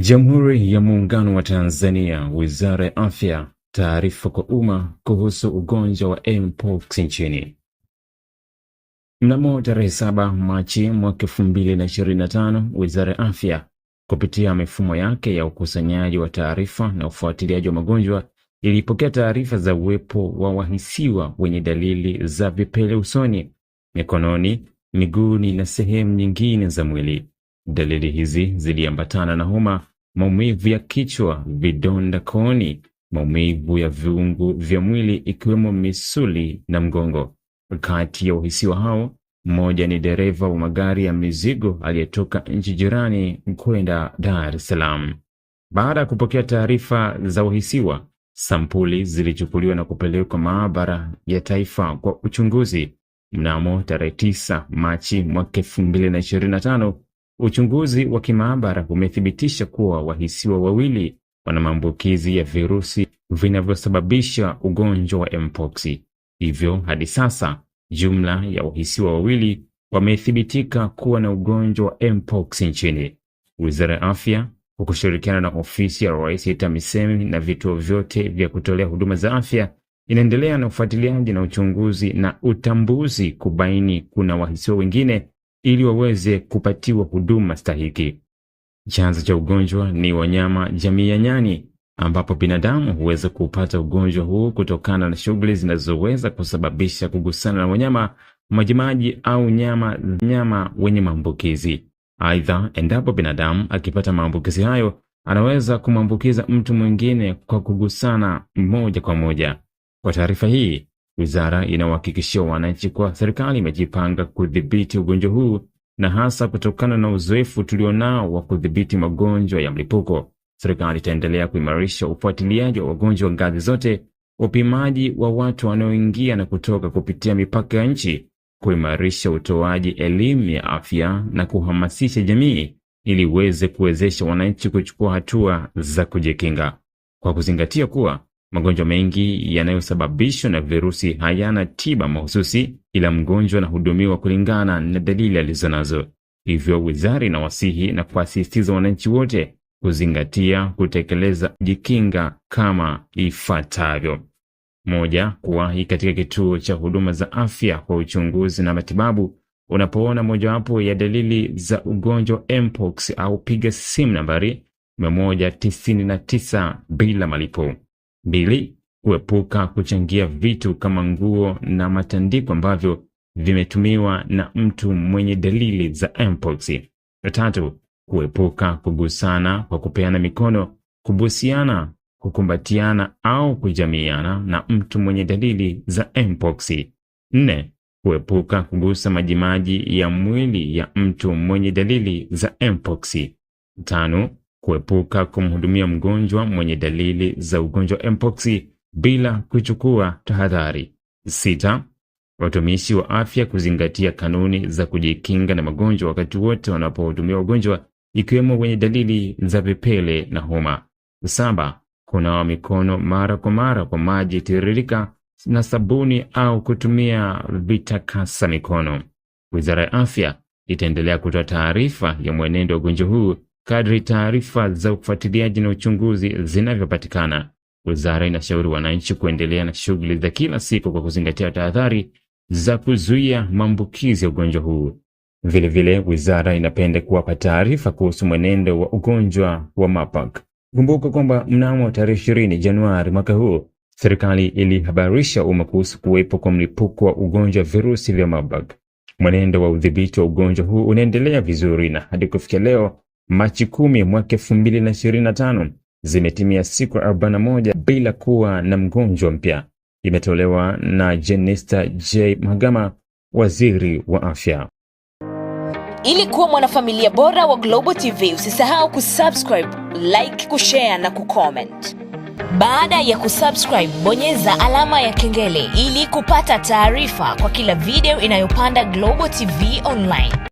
Jamhuri ya Muungano wa Tanzania Wizara ya Afya taarifa kwa umma kuhusu ugonjwa wa mpox nchini. Mnamo tarehe 7 Machi mwaka 2025, Wizara ya Afya kupitia mifumo yake ya ukusanyaji wa taarifa na ufuatiliaji wa magonjwa ilipokea taarifa za uwepo wa wahisiwa wenye dalili za vipele usoni, mikononi, miguuni na sehemu nyingine za mwili. Dalili hizi ziliambatana na homa, maumivu ya kichwa, vidonda kooni, maumivu ya viungo vya mwili ikiwemo misuli na mgongo. Kati ya wahisiwa hao, mmoja ni dereva wa magari ya mizigo aliyetoka nchi jirani kwenda Dar es Salaam. Baada ya kupokea taarifa za wahisiwa, sampuli zilichukuliwa na kupelekwa maabara ya taifa kwa uchunguzi. Mnamo tarehe 9 Machi mwaka 2025 Uchunguzi wa kimaabara umethibitisha kuwa wahisiwa wawili wana maambukizi ya virusi vinavyosababisha ugonjwa wa mpox. Hivyo hadi sasa jumla ya wahisiwa wawili wamethibitika kuwa na ugonjwa wa mpox nchini. Wizara ya Afya kwa kushirikiana na ofisi ya Rais TAMISEMI na vituo vyote vya kutolea huduma za afya inaendelea na ufuatiliaji na uchunguzi na utambuzi kubaini kuna wahisiwa wengine ili waweze kupatiwa huduma stahiki. Chanzo cha ugonjwa ni wanyama jamii ya nyani, ambapo binadamu huweza kupata ugonjwa huu kutokana na shughuli zinazoweza kusababisha kugusana na wanyama majimaji au nyama nyama wenye maambukizi. Aidha, endapo binadamu akipata maambukizi hayo, anaweza kumwambukiza mtu mwingine kwa kugusana moja kwa moja. Kwa taarifa hii Wizara inawahakikishia wananchi kuwa serikali imejipanga kudhibiti ugonjwa huu na hasa kutokana na uzoefu tulionao wa kudhibiti magonjwa ya mlipuko. Serikali itaendelea kuimarisha ufuatiliaji wa wagonjwa ngazi zote, upimaji wa watu wanaoingia na kutoka kupitia mipaka ya nchi, kuimarisha utoaji elimu ya afya na kuhamasisha jamii ili iweze kuwezesha wananchi kuchukua hatua za kujikinga kwa kuzingatia kuwa Magonjwa mengi yanayosababishwa na virusi hayana tiba mahususi ila mgonjwa anahudumiwa kulingana na dalili alizonazo. Hivyo wizara inawasihi na kuasistiza wananchi wote kuzingatia kutekeleza kujikinga kama ifuatavyo: moja, kuwahi katika kituo cha huduma za afya kwa uchunguzi na matibabu unapoona mojawapo ya dalili za ugonjwa mpox, au piga simu nambari 199 bila malipo. Bili, kuepuka kuchangia vitu kama nguo na matandiko ambavyo vimetumiwa na mtu mwenye dalili za mpox. Tatu, kuepuka kugusana kwa kupeana mikono, kubusiana, kukumbatiana au kujamiana na mtu mwenye dalili za mpox. Nne, kuepuka kugusa majimaji ya mwili ya mtu mwenye dalili za mpox. Tano, kuepuka kumhudumia mgonjwa mwenye dalili za ugonjwa mpox bila kuchukua tahadhari. Sita, watumishi wa afya kuzingatia kanuni za kujikinga na magonjwa wakati wote wanapohudumia wagonjwa, ikiwemo wenye dalili za vipele na homa. Saba, kunawa mikono mara kwa mara kwa maji tiririka na sabuni au kutumia vitakasa mikono. Wizara ya Afya itaendelea kutoa taarifa ya mwenendo wa ugonjwa huu Kadri taarifa za ufuatiliaji na uchunguzi zinavyopatikana, wizara inashauri wananchi kuendelea na shughuli za kila siku kwa kuzingatia tahadhari za kuzuia maambukizi ya ugonjwa huu. Vilevile, wizara inapenda kuwapa taarifa kuhusu mwenendo wa ugonjwa wa mapak. Kumbuka kwamba mnamo tarehe 20 Januari mwaka huu serikali ilihabarisha umma kuhusu kuwepo kwa mlipuko wa ugonjwa wa virusi vya Marburg. Mwenendo wa udhibiti wa ugonjwa huu unaendelea vizuri na hadi kufikia leo Machi kumi mwaka elfu mbili na ishirini na tano zimetimia siku 41 bila kuwa na mgonjwa mpya. Imetolewa na Jenista J magama waziri wa afya. Ili kuwa mwanafamilia bora wa Global TV, usisahau kusubscribe, like, kushare na kucomment. Baada ya kusubscribe, bonyeza alama ya kengele ili kupata taarifa kwa kila video inayopanda Global TV Online.